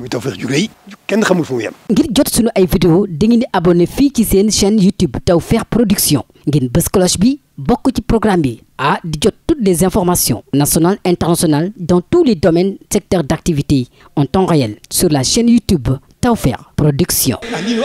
muy Tawfekh ju rëy ngir jot sunu ay vidéo dangeen di abonné fii ci seen chaîne YouTube Tawfekh Production ngeen bës cloche bi bokk ci programme bi a di jot toutes les informations nationales internationales dans tous les domaines secteurs d'activité en temps réel sur la chaîne YouTube Tawfekh Production. ah lii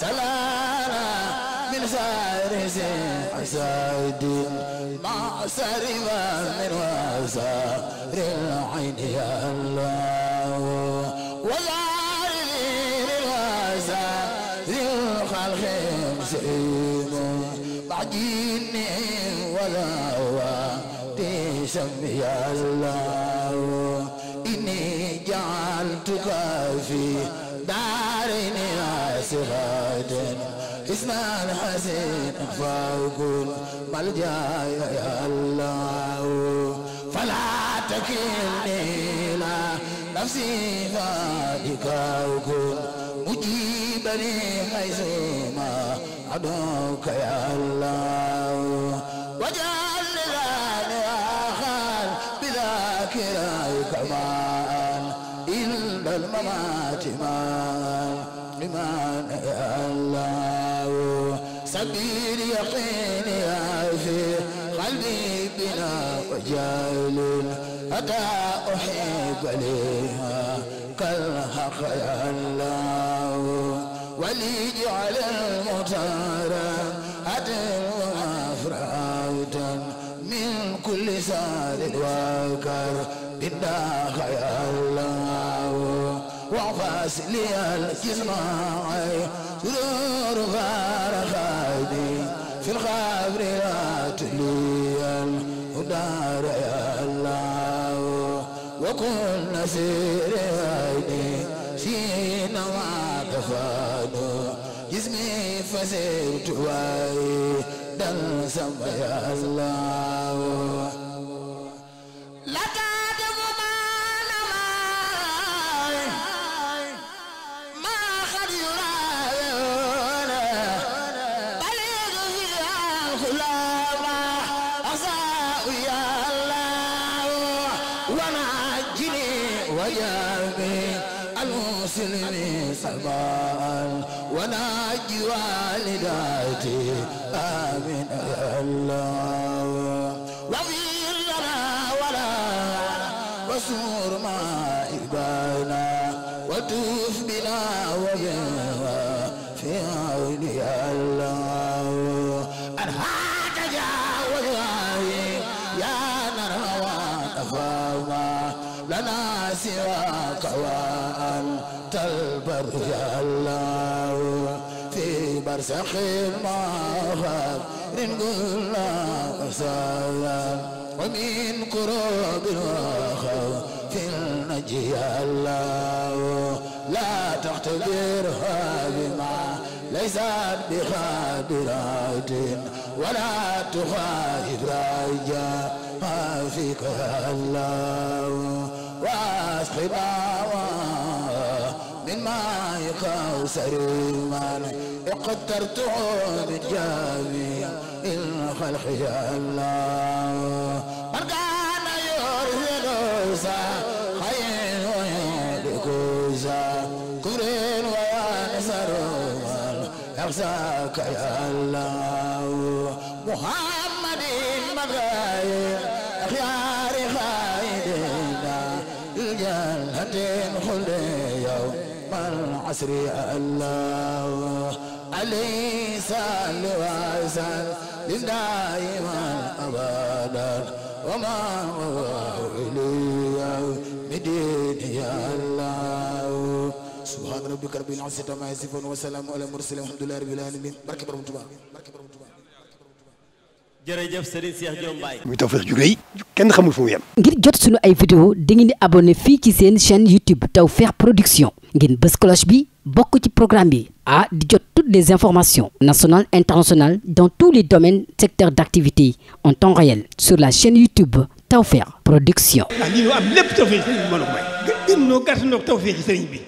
سلالا من فارس حساد ما سرب من وزار العين يا الله وزار الوزار الخلق مسعيد بعدين ولا وادي سمي الله إني جعلتك في دارني أسرار ismaal hasin faakun maljaa ya allah falaa takilni ilaa nafsi faadikaakun mujibani haysuma aduka ya allah wajal lilaani akhal bidhakirayka maan illa almamaati maan imaan ya allah سبيل يقين في قلبي بنا وجال أتى أحيب عليها كالحق يا الله ولي جعل المطار أدل وأفرادا من كل سال وكر بالدار وغاس لي الجسماعي سرور غارقاني في الخبر لا تلي الهدار يا الله وكل سيريني سين وعطفانو جسمي فسرت واي دل سمي الله المسلمين سبعا وناج والداتي آمين الله وغفر لنا ولا وسور ما إبانا وتوفنا لنا سواك وأنت البر يا الله في برزخ المغفر إن قلنا سلام ومن كروب الوخو في النجي يا الله لا تختبرها بنا ليسا بقادرات ولا تخاف رجاء فيك الله واسقي من ماء كوثر من اقترته من جميع الخلق الله أرزاك يا الله محمد من غير خيار خيرنا الجنة خل يوم العصر يا الله عليه صل وسلم دائما أبدا وما هو إلي مدين يا الله subhaana rabbika rabbil izzati ammaa yasifuun wa salaamun alal mursaliin walhamdulillaahi rabbil aalamiin barke muy Tawfekh ju kenn xamul fu mu ngir jot sunu ay vidéo dangeen di abonné fii ci seen chaîne YouTube Tawfekh Production ngeen bës cloche bi bokk ci programme bi a ah, di jot toutes des informations nationales internationales dans tous les domaines secteurs d'activité en temps réel sur la chaîne YouTube Tawfekh Production. Ah, a may. gën noo